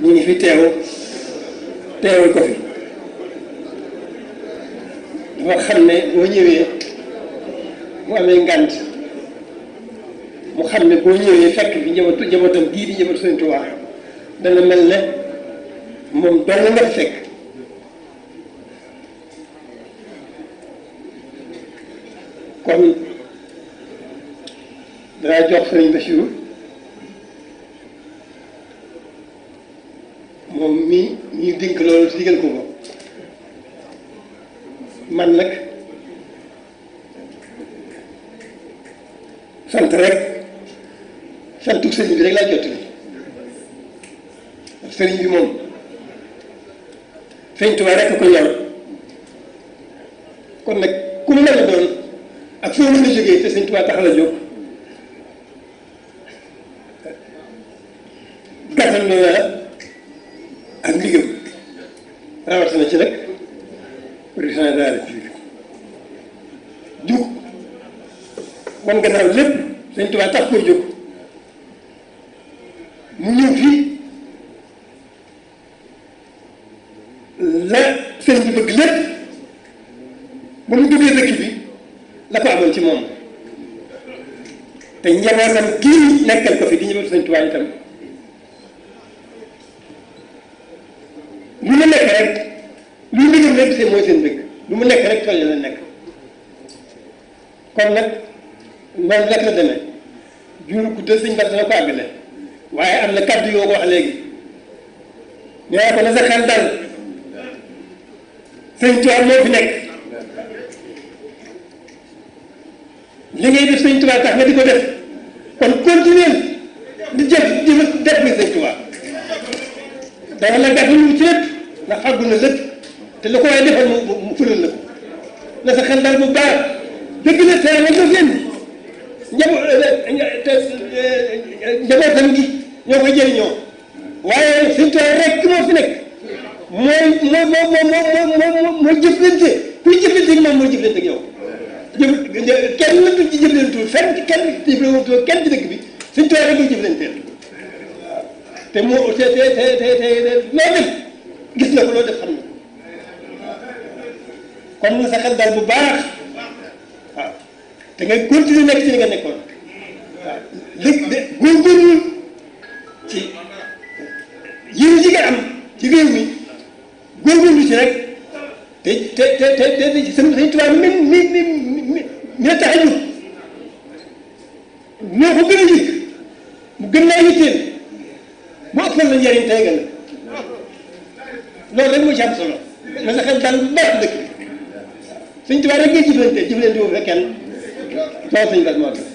ñu ngi fi teew teewal ko fi dafa xam ne boo ñëwee bu amee ngant mu xam ne boo ñëwee fekk bi njabootu njabootam gii di njabootu Sëñ Tuubaa dana mel ne moom dong nga fekk kon danaa jox Sëriñ Bassirou moom mii ñu dénk loolu digal ko ko man nag sant rek santu sëriñ bi rek laa jot li sëriñ bi moom sëriñ Tuubaa rek ko yor kon nag ku mu mën a doon ak foo mën a jógee te sëriñ Tuubaa tax la jóg gàttal loolu rawatina ci nag président de la république jug wan gannaaw lépp Sëñ Tuubaa tax koo jóg mu ñëw fii la sëñ bi bëgg lépp ba mu duggee dëkk bi la ko amoon ci moom te njabootam kii nekkal ko fi di ñëwal Sëñ mbégte mooy seen mbégte mu nekk rek tool yi la nekk kon nag noonu la demee jur ku dee sëñ Bara ko àggale waaye am na kàddu yoo ko wax léegi nee ko na sa xel moo fi nekk li ngay def sëñ Tuubaa tax nga di ko def kon continuer di jëf di def bi sëñ Tuubaa dama la gàtt lu ci lépp ndax àggu na lépp te lu ko waaye defal mu mu fëral la ko na sa xel daal bu baax dëgg la teel a def leen njaboot njabootam gi ñoo koy jëriñoo waaye suñu tool rek moo fi nekk mooy moo moo moo moo moo jëflante kuy jëflante ak moom mooy jëflante ak yow. jëf kenn la ci jëflantul fenn kenn jëflantul kenn ci dëkk bi suñu tool rek la jëflanteel te moo te te te gis na ko loo xam na. kon na sa xel daal bu baax waaw da ngay continuer nekk ci li nga nekkoon waaw léegi de góorgóorlu ci yéen ji nga am ci réew mi góorgóorlu ci rek te te te te te Sëñ Tuubaa mi mi mi mi mi tax a jóg ñoo ko gën a yëg mu gën laa yitteel mu ëppal la njëriñ tey nga la loolu rek moo ci am solo na sa xel daal bu baax dëkk bi. suñ tubaab rek ngay jëflante jëflante boobu rek kenn loolu suñu bas moo tax